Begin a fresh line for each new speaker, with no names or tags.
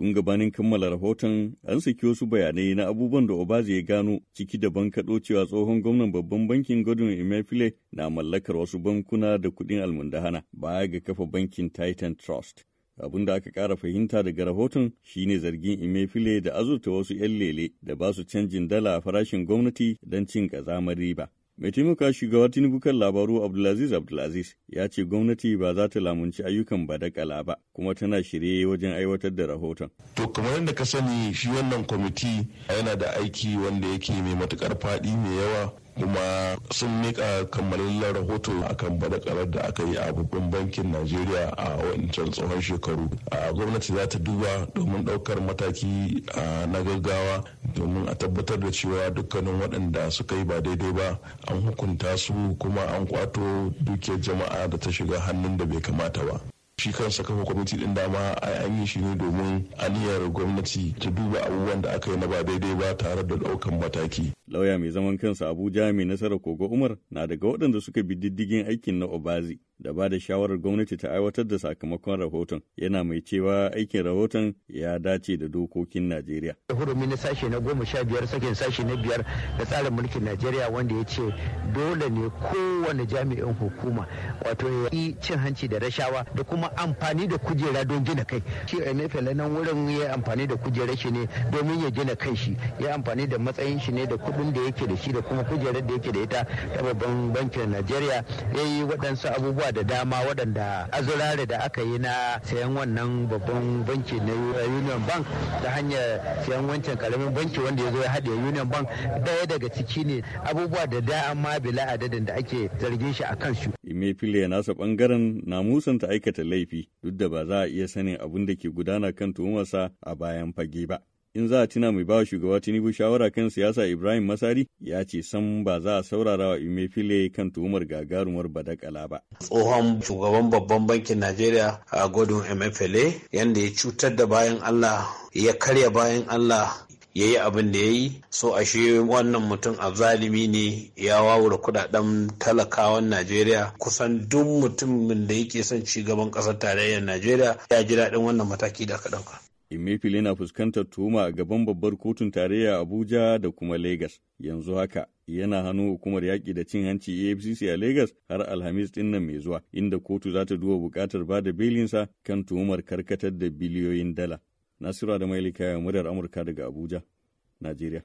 Tun gabanin kammala rahoton an saki wasu bayanai na abubuwan da Obaze ya gano ciki da bankaɗo cewa tsohon gwamnan babban bankin Godwin emefile na mallakar wasu bankuna da kuɗin almundahana baya ga kafa bankin Titan Trust. abin da aka ƙara fahimta daga rahoton shine zargin imefile da azurta wasu 'yan lele da ba su canjin dala a farashin gwamnati don cin ƙazamar riba Mai taimaka shugaba Tinubu kan labaru Abdulaziz Abdulaziz ya ce gwamnati ba za ta lamunci ayyukan ba badakala ba kuma tana shirye wajen aiwatar da rahoton.
To kamar yadda ka sani shi wannan kwamiti yana da aiki wanda yake mai matukar faɗi mai yawa kuma sun mika kammalallen rahoto akan badakarar da aka yi a babban bankin najeriya a wancan tsohon shekaru a gwamnati za ta duba domin daukar mataki na gaggawa domin a tabbatar da cewa dukkanin waɗanda suka yi ba daidai ba an hukunta su kuma an kwato dukiyar jama'a da ta shiga hannun da bai kamata ba shi kansa kafa kwamiti din dama an yi shi ne domin
aniyar gwamnati ta duba abubuwan da aka yi na ba daidai ba tare da daukan mataki lauya mai zaman kansa abuja mai nasara kogo umar na daga waɗanda suka bi diddigin aikin na obazi da ba da shawarar gwamnati ta aiwatar da sakamakon rahoton yana mai cewa aikin rahoton ya dace da dokokin najeriya
hurumi na sashe na goma sha biyar sakin sashe na biyar da tsarin mulkin najeriya wanda ya ce dole ne kowane jami'in hukuma wato ya cin hanci da rashawa da kuma amfani da kujera don gina kai shi nfl nan wurin ya amfani da kujerar shi ne domin ya gina kai shi ya amfani da matsayin shi ne da kuɗi kuɗin da yake da shi da kuma kujerar da yake da ita ta babban bankin najeriya ya yi waɗansu abubuwa da dama waɗanda azurare da aka yi na sayan wannan babban banki na union bank ta hanyar sayan wancan karamin banki wanda ya zo ya haɗe union bank ɗaya daga ciki ne abubuwa da dama bila adadin da ake zargin shi a kan kansu.
ya nasa bangaren na ta aikata laifi duk da ba za a iya sanin abin da ke gudana kan tuhumarsa a bayan fage ba. in za a tuna mai ba shugaba tinubu shawara kan siyasa ibrahim masari ya ce san ba za a saurara wa imefile kan tuhumar gagarumar badakala ba tsohon shugaban babban bankin najeriya a godun imefile yadda ya cutar da bayan
allah ya karya bayan allah ya yi abin da ya yi so ashe wannan mutum a zalimi ne ya wawura kudaden talakawan najeriya kusan duk
mutumin da yake son ci gaban kasar tarayyar najeriya ya ji daɗin wannan mataki da aka ɗauka Emefiele na fuskantar tuhuma a gaban babbar kotun tarayya Abuja da kuma Legas. Yanzu haka yana hannu hukumar yaƙi da cin hanci AFCC a Legas har Alhamis din nan mai zuwa, inda kotu za ta duba buƙatar ba da belinsa kan tuhumar karkatar da biliyoyin dala. Nasiru da Mailika muryar Amurka daga Abuja, Najeriya.